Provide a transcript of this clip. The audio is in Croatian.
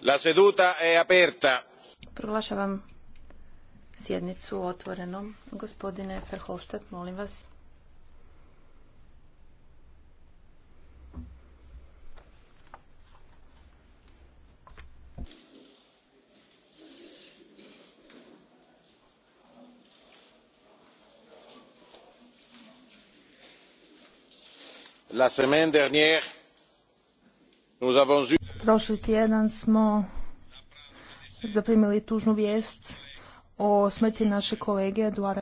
La seduta è aperta. Proglašavam sjednicu otvorenom. Gospodine Ferhofstadt, molim vas. La semaine dernière, nous avons eu Prošli tjedan smo zaprimili tužnu vijest o smrti naše kolege Eduara